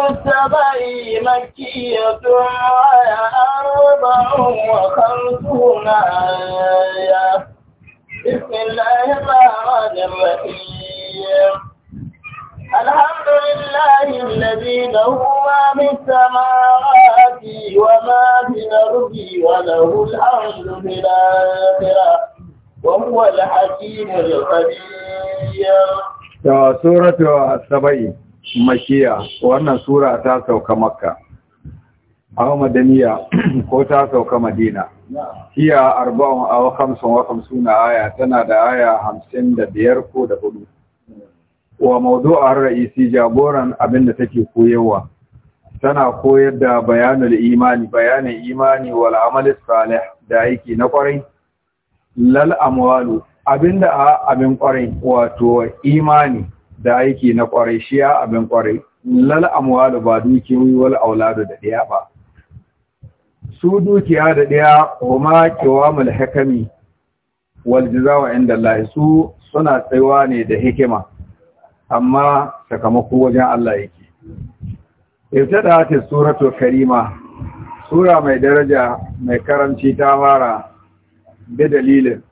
السبعي مكية ويا أربع وخمسون آية بسم الله الرحمن الرحيم الحمد لله الذي له ما في السماوات وما في الأرض وله الحمد في الآخرة وهو الحكيم الخبير. سورة السبعين makiya wannan sura ta sauka makka aw madaniya ko ta sauka madina iya arba'un a khamsun wa na aya tana da aya hamsin da biyar ko da hudu wa mawdu'ar ra'isi jagoran abinda take koyarwa tana koyar da bayanul imani bayanin imani wal amalis salih da aiki na kwarai lal amwalu abinda a abin kwarai wato imani da aiki na kwarai shi ya abin kwarai lal amwalu ba dukiyoyi wal auladu da ɗaya ba su dukiya da ɗaya kuma kiwamul hikami wal jazaa'u inda Allah su suna tsayuwa ne da hikima amma sakamako wajen Allah yake da ta suratu karima sura mai daraja mai karanci ta fara da dalilin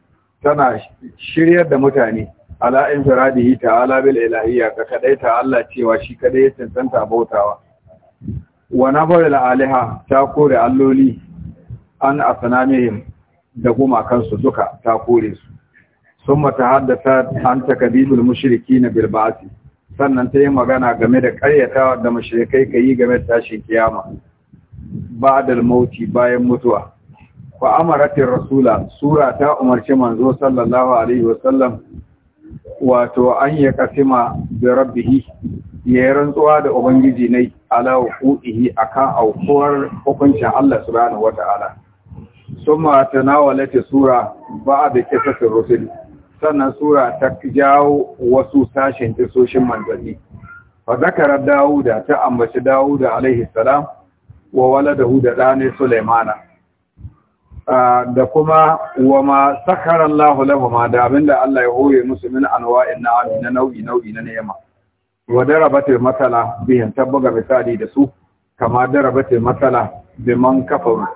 tana shiryar da mutane ala infiradihi ta'ala bil ilahiyya ka kadai ta Allah cewa shi kadai ya tantanta bautawa wa nafar al aliha ta kore alloli an asnamihim da kuma kansu duka ta kore su summa haddasa an takdibul mushrikin bil Bilbaasi, sannan ta yi magana game da ƙaryatawa da mashirikai ka yi game da tashin kiyama ba da mauti bayan mutuwa fa ta rasula sura ta umarci manzo sallallahu alaihi wasallam wato an ya kasima da rabbihi ya yi rantsuwa da ubangiji ne ala a kan aukuwar hukuncin Allah subhanahu ta nawa Lati sura da qisas rusul sannan sura ta jawo wasu sashen kisoshin manzanni fa zakara Dawuda ta ambaci dawuda alaihi salam wa waladahu da ɗane sulaimana da kuma wa ma sakara lahu lahuma da abinda Allah ya hoye musu min anwa'in na'am na nau'i nau'i na ni'ima wa darabata masala bihin tabbaga misali da su kama darabata masala biman kafaru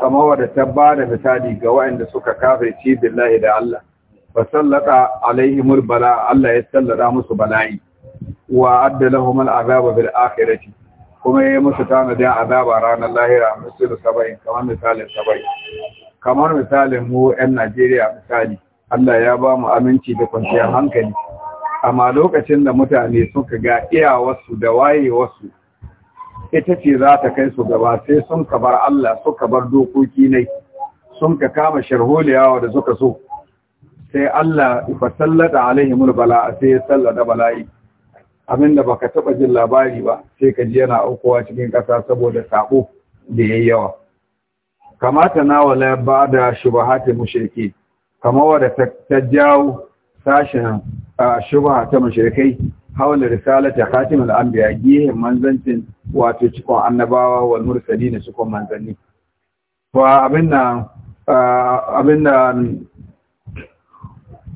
kama wa da tabbada misali ga wa'anda suka kafirci billahi da Allah fa sallata alaihimul murbala Allah ya sallada musu bala'i wa adda lahum al'azaba bil akhirati kuma ya yi musu tanadin azaba ranar lahira musu misalin saba'i kamar misalin saba'i kamar misalin mu 'yan Najeriya misali Allah ya ba mu aminci da kwanciyar hankali amma lokacin da mutane suka ga iyawarsu da wayewarsu ita ce za ta kai su gaba sai sun ka bar Allah suka bar dokoki ne sun ka kama sharholiyawa da suka so sai Allah ifa sallata alaihimul bala'a sai ya sallata bala'i abinda baka taba jin labari ba sai ka ji yana aukowa cikin ƙasa saboda sako da yayi yawa kamata na wala ba da ta mashirki kamar wadda ta jawo sashen shubaha ta mashirki haula risalata khatimul al’ambiya gihin manzancin wato cikon annabawa wal na cikon manzanni fa abin da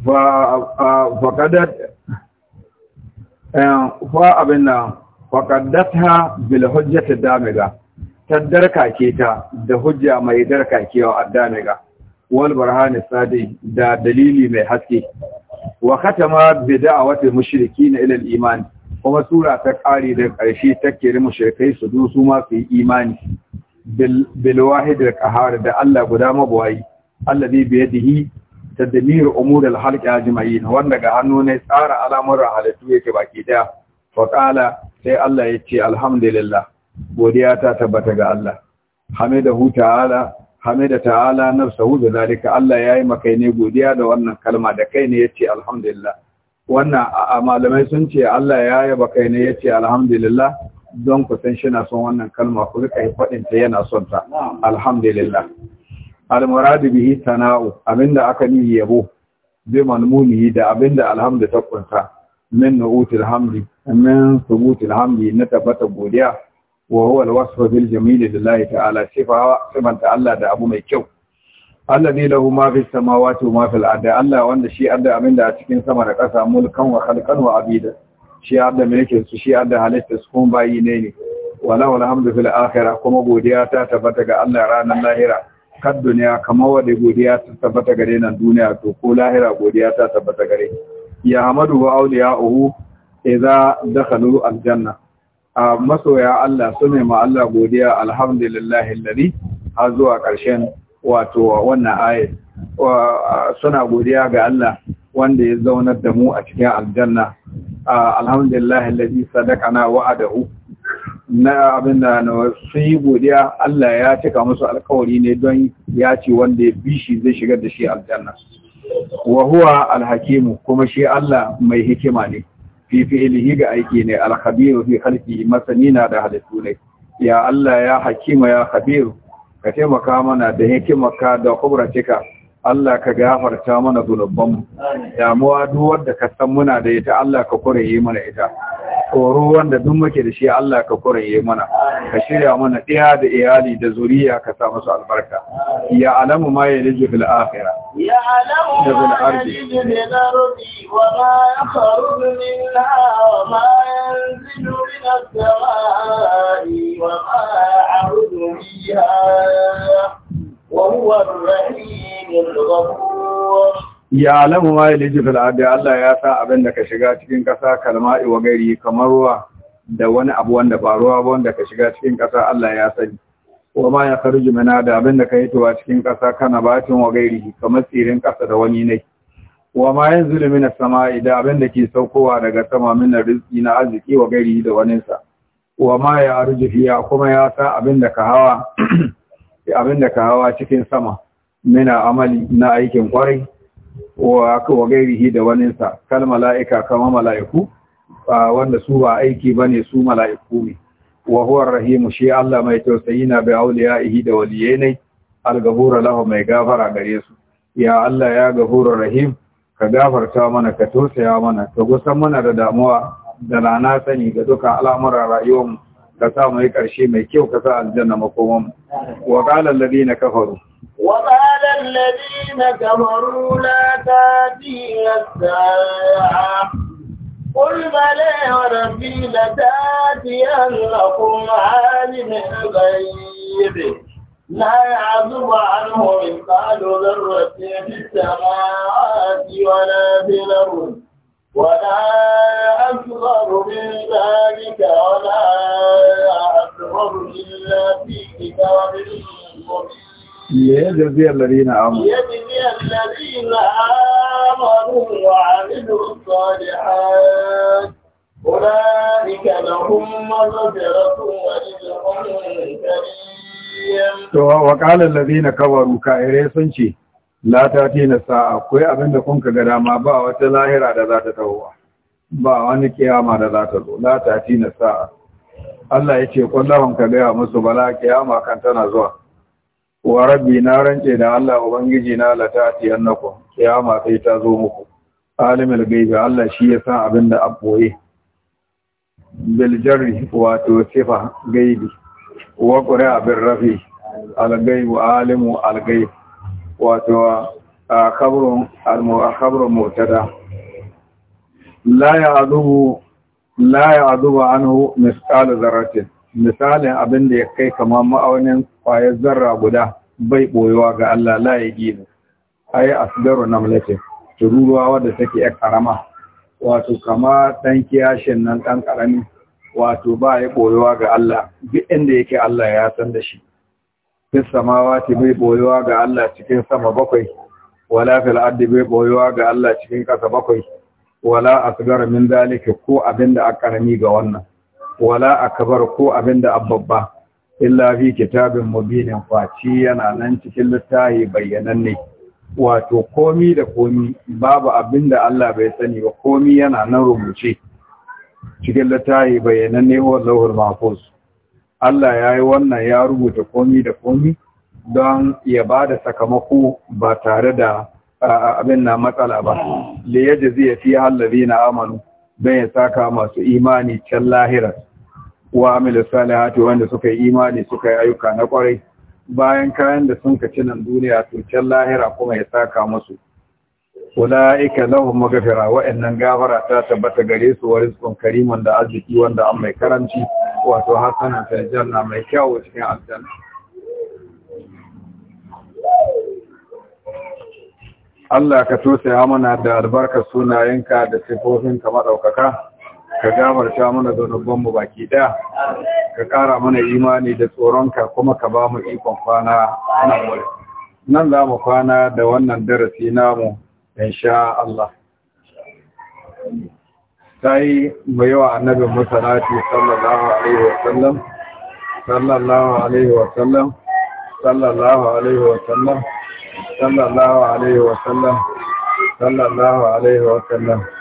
fa fa kadat fa damiga Taddarka ke ta da hujja mai darkakewa a wal burhan sadi da dalili mai haske wa khatama bi da'awati mushrikin ila al iman kuma sura ta kare da karshe take da mushrikai su du su ma su yi imani bil wahid al qahar da Allah guda mabawai allazi bi yadihi tadmir umur al halqi ajma'in wanda ga hannu ne tsara al'amuran halittu yake baki daya fa qala sai Allah yace alhamdulillah godiya ta tabbata ga Allah hu ta'ala hamida ta'ala nafsuhu da zalika Allah yayi maka ne godiya da wannan kalma da kai ne yace alhamdulillah wannan malamai sun ce Allah ya yaba kai ne yace alhamdulillah don ku san shi na son wannan kalma ku rika faɗin ta yana son ta alhamdulillah almuradu bihi tana'u abinda aka ni yabo bi manmuni da abinda alhamdu ta kunta min nu'ut alhamdi min subut alhamdi na tabbata godiya wa huwa al-wasfu bil jamili lillahi ta'ala sifa sifanta Allah da abu mai kyau allazi lahu ma fis samawati wa ma fil ardi Allah wanda shi adda abinda a cikin sama da ƙasa mulkan wa khalqan wa abida shi adda mulkin su shi adda halitta su kun bayi ne ne wala wal hamdu fil akhirah kuma godiya ta tabbata ga Allah ranar lahira kan duniya kamar wadda godiya ta tabbata gare nan duniya to ko lahira godiya ta tabbata gare ya hamadu wa awliya'uhu idza dakhalu aljanna a masoya Allah su ne ma Allah godiya alhamdulillahi lalli har zuwa ƙarshen wato wannan ayat suna godiya ga Allah wanda ya zaunar da mu a cikin aljanna alhamdulillahi lalli sadaqana wa'adahu na abin da sun yi godiya Allah ya cika musu alkawari ne don ya ce wanda ya bi shi zai shigar da shi aljanna Wahuwa huwa alhakimu kuma shi Allah mai hikima ne fi fi'ilihi ga aiki ne alkhabiru fi Halki, masani na da halittu ne ya Allah ya hakima ya khabiru ka taimaka mana da hikimarka da kubratika Allah ka gafarta mana zunubanmu damuwa duk wanda ka san muna da ita Allah ka kore yi mana ita koro wanda duk muke da shi Allah ka koraye mana ka shirya mana ɗaya da iyali da zuriya ka sa musu albarka ya alamu ma ya liji fil akhirah ya alamu ma ya ardi wa ma wa ma yanzilu min as-samai wa ma biha wa huwa ar-rahim al-ghafur ya alamu ma ya liji fil'adu Allah ya sa abin da ka shiga cikin ƙasa kalma'i wa gari kamar ruwa da wani abu wanda ba ruwa ba wanda ka shiga cikin ƙasa Allah ya sani wa ma ya kharju mana da abin da ka yi tuwa cikin ƙasa kana batin wa gari kamar tsirin ƙasa da wani ne wa ma yanzulu min mina samai da abin da ke saukowa daga sama mina rizki na arziki wa gari da wani sa wa ma ya arji fiya kuma ya sa abin da ka hawa abin da ka hawa cikin sama mina amali na aikin kwarai wa wa gairihi da waninsa kal mala'ika kama mala'iku wanda su ba aiki ba ne su mala'iku ne wa huwar rahimu shi Allah mai tausayi na ya ihi da waliyenai al-ghafur lahu mai gafara gare su ya Allah ya gahura rahim ka gafarta mana ka tausaya mana ka gusan mana da damuwa da rana sani ga duka al'amuran rayuwarmu ka sa mai karshe mai kyau ka sa aljanna makomanmu wa kafaru wa الذين كفروا لا تاتي الساعة قل بلى وربي لتاتينكم عالم الغيب لا يعزب عنه مثقال ذرة في السماوات ولا في الأرض ولا ليجزي الذين آمنوا ليجزي الذين آمنوا وعملوا الصالحات لهم مغفرة كريم وقال الذين كفروا سنشي la sa'a ga dama ba wata lahira da za ta ba wani kiyama da za ta zo la ta na sa'a Allah ya ce ka gaya musu bala kiyama kan tana zuwa wa rabbi na rance da Allah ubangiji na la ta'ti annakum kiyama sai ta zo muku alimul gaibi Allah shi ya san abin da aboye bil jarri wato sifa gaibi wa qura bil rafi al gaibu alimu al gaib wato khabrun al mu'akhabru mu'tada la ya'dubu la ya'dubu anhu misqal dharratin misalin abin da ya kai kama ma'aunin kwayar zarra guda bai ɓoyewa ga Allah laye gina ai na mulkin tururuwa wadda take ya karama wato kama ɗan kiyashin nan ɗan ƙarami wato ba ya ɓoyewa ga Allah duk inda yake Allah ya san da shi fis ce bai ɓoyewa ga Allah cikin sama bakwai wala fil ardi bai ɓoyewa ga Allah cikin ƙasa bakwai wala asgaru min zalika ko abin da a ƙarami ga wannan wala kabar ko abin abinda abbabba illa fi kitabin mubinin faci yana nan cikin littafi bayyananne wato komi da komi babu abinda Allah bai sani ba komi yana nan rubuce cikin littafi bayyananne wallahul mahfuz Allah ya yi wannan ya rubuta komi da komi don ya ba da sakamako ba tare da abin na matsala ba da yadda zai fi hallabi na amanu don ya saka masu imani can lahirar wa amila salihati wanda suka yi imani suka yi ayyuka na kwarai bayan kayan da sun kaci nan duniya to can lahira kuma ya saka musu ulaika lahum maghfira wa innan gafara ta tabbata gare su wa rizqun kariman da arziki wanda an mai karanci wato hasana ta janna mai kyau cikin aljanna Allah ka tosaya mana da albarkar sunayenka da sifofinka madaukaka ka gamar gafarta mana mu baki daya ka kara mana imani da tsoronka kuma ka ba mu ikon kwana nan wuri nan za mu kwana da wannan darasi namu in sha Allah ta yi mai yawa annabin masalati sallallahu alaihi wa sallam sallallahu alaihi wasallam sallallahu alaihi wasallam sallallahu alaihi wasallam sallallahu alaihi wasallam sallam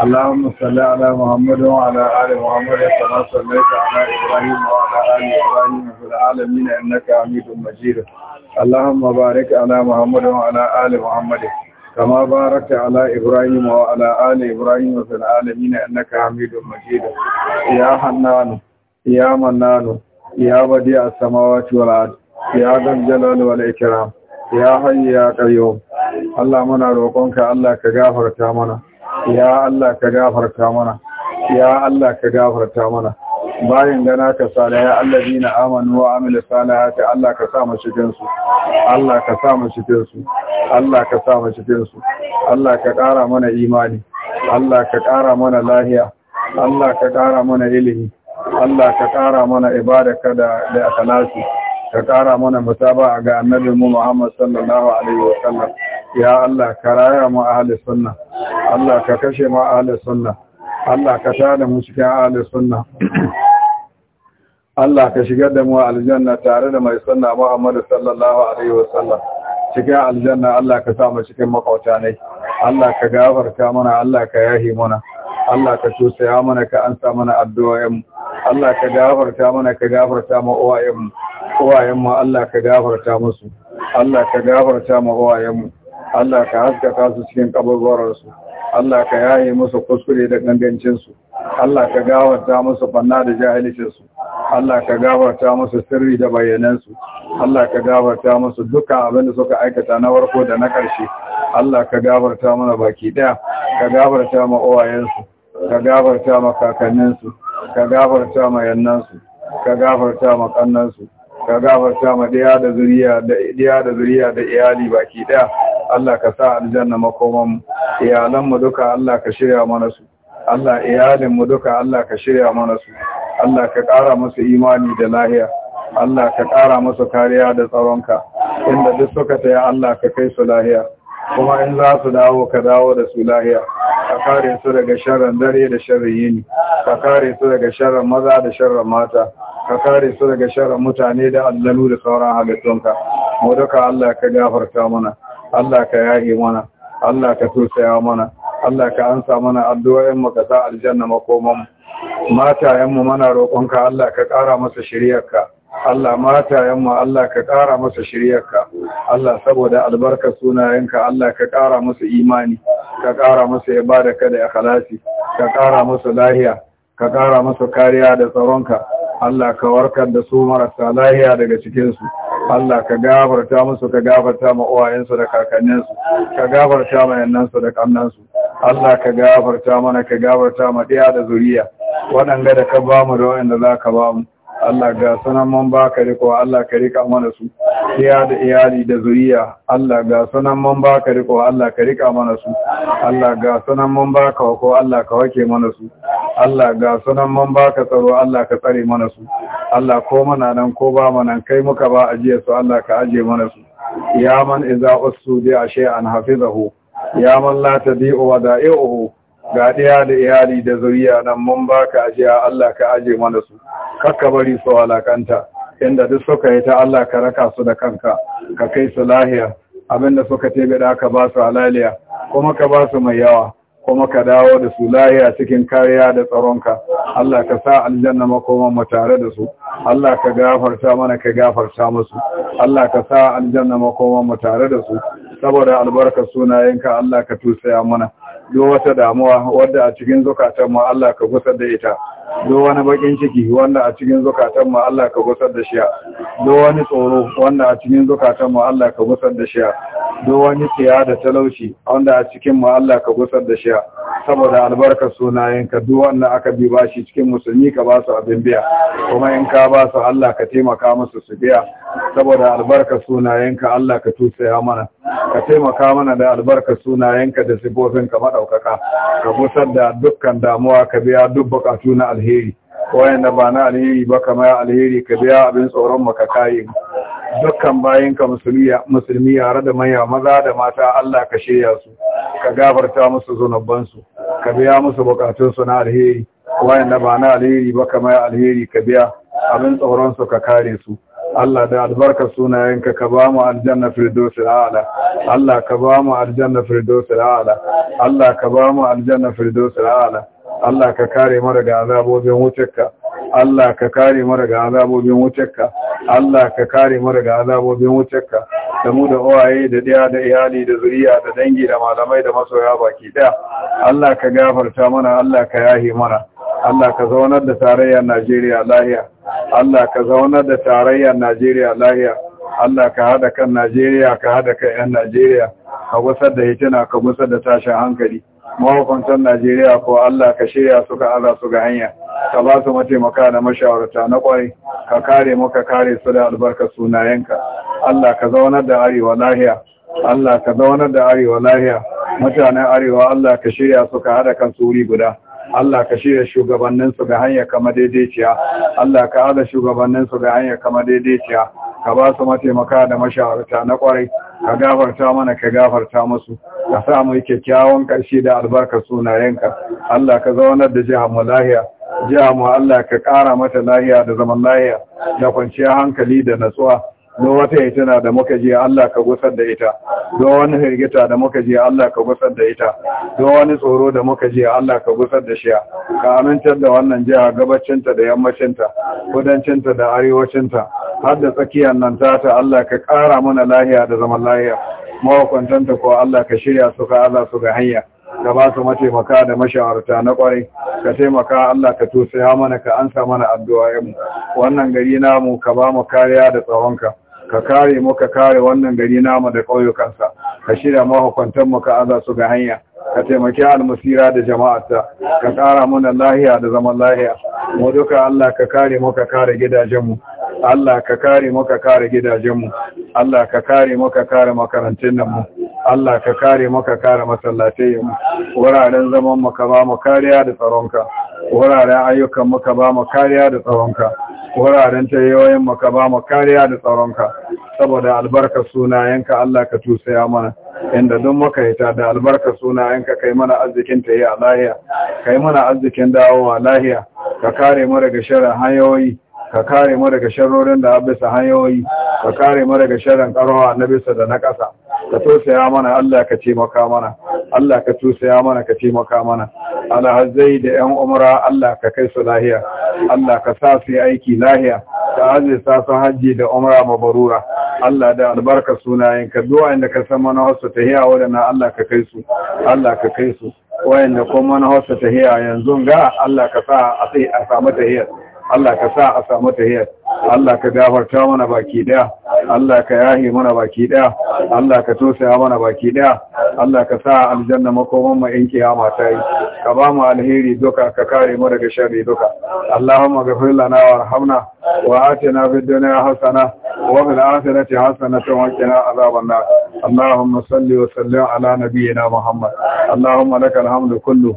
اللهم صل على محمد وعلى آل محمد كما صليت على إبراهيم وعلى آل إبراهيم في العالمين إنك حميد مجيد اللهم بارك على محمد وعلى آل محمد كما باركت على إبراهيم وعلى آل إبراهيم في العالمين إنك حميد مجيد يا حنان يا منان يا بديع السماوات والأرض يا ذا الجلال والإكرام يا حي يا قيوم اللهم نروقك الله كغفرت منا ya Allah ka gafarta mana ya Allah ka gafarta mana bayan gana ka sala ya allazina amanu wa amilu salihati Allah ka sa mu cikin su Allah ka sa mu cikin su Allah ka sa mu cikin su Allah ka ƙara mana imani Allah ka ƙara mana lahiya Allah ka ƙara mana ilimi Allah ka ƙara mana ibada kada da akhlasi ka ƙara mana mutaba ga annabinmu Muhammad sallallahu alaihi wa sallam ya Allah ka raya mu ahli sunna Allah ka kashe mu ahli sunna Allah ka tada mu cikin ahli sunna Allah ka shigar da mu aljanna tare da mai sunna Muhammad sallallahu alaihi wasallam cikin aljanna Allah ka sa mu cikin makauta ne Allah ka gafarta mana Allah ka yahi mana Allah ka tusaya mana ka ansa mana addu'o'in Allah ka gafarta mana ka gafarta mu uwayen mu uwayen mu Allah ka gafarta musu Allah ka gafarta mu uwayen mu Allah ka haskaka su cikin kabarwararsu Allah ka yaye musu kuskure da gangancinsu Allah ka gawarta musu banna da jahilcinsu Allah ka gawarta musu sirri da bayanansu Allah ka gawarta musu dukkan abin da suka aikata na warko da na ƙarshe Allah ka gawarta mana baki ɗaya ka gawarta ma uwayensu ka gawarta ma kakanninsu ka gawarta ma yannansu ka gawarta ma kannansu ka gawarta ma ɗiya da zuriya da iyali baki ɗaya. Allah ka sa aljanna makoman iyalan mu duka Allah ka shirya mana su Allah iyalin mu duka Allah ka shirya mana su Allah ka ƙara musu imani da lahiya Allah ka ƙara musu kariya da tsaronka inda duk suka taya Allah ka kai su lahiya kuma in za su dawo ka dawo da su lahiya ka kare su daga sharran dare da sharrin yini ka kare su daga sharran maza da sharran mata ka kare su daga sharran mutane da allalu da sauran halittunka mu duka Allah ka gafarta mana Allah ka yage mana Allah ka tosaya mana Allah ka ansa mana addu'o'in makasa ka aljanna makoman Matayenmu mu mana roƙonka Allah ka ƙara masa shiryarka. Allah matayenmu Allah ka ƙara masa shiryarka. Allah saboda albarka sunayenka Allah ka ƙara masa imani ka ƙara masa ibada ka da khalaci, ka ƙara masa lahiya ka ƙara masa kariya da tsaronka Allah ka warkar da su marasa lahiya daga cikinsu Allah ka gafarta musu ka gafarta ma uwayensu da kakanninsu ka gafarta ma yannansu da kannansu Allah ka gafarta mana ka gafarta ma ɗiya da zuriya waɗanda da ka bamu da waɗanda za ka bamu Allah ga sunan mun baka riko Allah ka rika mana su iya da iyali da zuriya Allah ga sunan mun baka riko Allah ka rika mana su Allah ga man ba baka ko Allah ka wake mana su Allah ga man ba baka tsaro Allah ka tsare mana su Allah ko mana nan ko ba mana kai muka ba ajiye su Allah ka ajiye mana su ya man idza usudi bi an hafizahu ya man la tadi'u wada'i'uhu ga ɗaya da iyali da zuriya nan mun ba baka ajiya Allah ka aje mana su kakka bari su alakanta, inda duk suka yi ta Allah ka raka su da kanka ka kai su lahiya abinda suka tebe da ka ba su alaliya kuma ka ba su mai yawa kuma ka dawo da su lahiya cikin kariya da tsaronka Allah ka sa aljanna makoman mu tare da su Allah ka gafarta mana ka gafarta musu Allah ka sa aljanna makoman mu tare da su saboda albarkar sunayenka Allah ka tusaya mana duk wata damuwa wadda a cikin zukatan mu Allah ka gusar da ita duk wani bakin ciki wanda a cikin zukatan mu Allah ka gusar da shi duk wani tsoro wanda a cikin zukatan mu Allah ka gusar da shi duk wani tsiya da talauci wanda a cikin mu Allah ka gusar da shi saboda albarkar ka duk wanda aka bi bashi cikin musulmi ka ba su abin biya kuma in ka ba su Allah ka taimaka musu su biya saboda albarkar ka Allah ka tusaya mana ka taimaka mana da albarka sunayenka da ka maɗaukaka ka busar da dukkan damuwa ka biya duk bukatu na alheri wayanda ba na alheri ba kama alheri ka biya abin tsoron maka kayi dukkan ka musulmi yare da manya maza da mata Allah ka shirya su ka gafarta musu zunubansu ka biya musu bukatunsu na alheri wayanda ba na alheri ba kama alheri ka biya abin tsoron ka kare su Allah da albarkar sunayenka ka ba mu aljanna firdausul a'la Allah ka ba mu aljanna firdausul a'la Allah ka ba mu aljanna firdausul a'la Allah ka kare mu daga azabobin wutarka Allah ka kare mu daga azabobin wutarka Allah ka kare mu daga azabobin wutarka da mu da uwaye da ɗaya da iyali da zuriya da dangi da malamai da masoya baki ɗaya. Allah ka gafarta mana Allah ka yahi mana Allah ka zaunar da tarayyar Najeriya lahiya Allah ka zaunar da tarayyar Najeriya lahiya Allah ka hada kan Najeriya ka hada kan 'yan Najeriya ka gusar da hitina ka gusar da tashin hankali mahukuntan Najeriya ko Allah ka shirya suka ala su ga hanya ka ba su mataimaka da mashawarta na kwarai ka kare ka kare su da albarka sunayenka Allah ka zaunar da arewa lahiya Allah ka zaunar da arewa lahiya mutanen arewa Allah ka shirya suka hada kan suri guda Allah ka shirya shugabanninsu ga hanyar kama daidaiciya Allah ka haɗa shugabanninsu ga hanyar kama daidaiciya ka ba su mataimaka da mashawarta na ƙwarai, ka gafarta mana ka gafarta musu ka sa mu kyakkyawan ƙarshe da albarka sunayenka Allah ka zaunar da jihar mu lahiya jihar mu Allah ka ƙara mata lahiya da zaman lahiya da kwanciyar hankali da natsuwa don wata hitina da muka je Allah ka gusar da ita don wani hirgita da muka je Allah ka gusar da ita don wani tsoro da muka je Allah ka gusar da shiya ka aminta da wannan jiha gabacinta da yammacinta kudancinta da arewacinta har da tsakiyar nan ta ta Allah ka kara mana lahiya da zaman lahiya mawakwantanta ko Allah ka shirya su ka Allah su ga hanya ka ba su mataimaka da mashawarta na kwarai ka taimaka Allah ka tusaya mana ka ansa mana addu'a mu wannan gari namu ka ba mu kariya da tsawonka ka kare mu ka kare wannan gari namu da ƙauyukansa ka shirya mahukuntan mu ka aza su ga hanya ka taimaki almasira da jama'arta ka ƙara mana lahiya da zaman lahiya mu duka Allah ka kare mu ka kare gidajenmu Allah ka kare mu ka kare gidajenmu Allah ka kare mu ka kare makarantun nan mu Allah ka kare mu ka kare masallatai mu wuraren zaman mu ka ba mu kariya da tsaronka wuraren ayyukan mu ka ba mu kariya da tsaronka wuraren tayoyin mu ka ba mu kariya da tsaronka saboda albarkar sunayenka Allah ka tusaya mana inda duk muka yi ta da albarkar sunayenka kai mana arzikin ta yi a lahiya kai mana arzikin dawowa lahiya ka kare mu daga shirin hanyoyi ka kare mu daga sharorin da bisa hanyoyi ka kare mu daga sharrin karowa na bisa da na ƙasa ka tosaya mana Allah ka taimaka mana Allah ka tosaya mana ka taimaka mana alhazai da 'yan umra Allah ka kai su lahiya Allah ka sa su aiki lahiya Ta hajji sa su hajji da umra mabarura Allah da albarka sunayenka duwa inda ka san mana wasu tahiya wadana Allah ka kai su Allah ka kai su wayanda kuma mana wasu tahiya yanzu ga Allah ka sa a samu ta tahiyar Allah ka sa a samu ta tahiyar Allah ka gafarta mana baki daya Allah ka yahi mana baki daya Allah ka tosaya mana baki daya Allah ka sa aljanna makoman mu in kiyama ta yi ka ba mu alheri duka ka kare mu daga sharri duka Allahumma ghfir lana warhamna wa atina fid dunya hasana wa fil akhirati hasanatan wa qina adhaban nar Allahumma salli wa sallim ala nabiyyina Muhammad Allahumma lakal hamdu kullu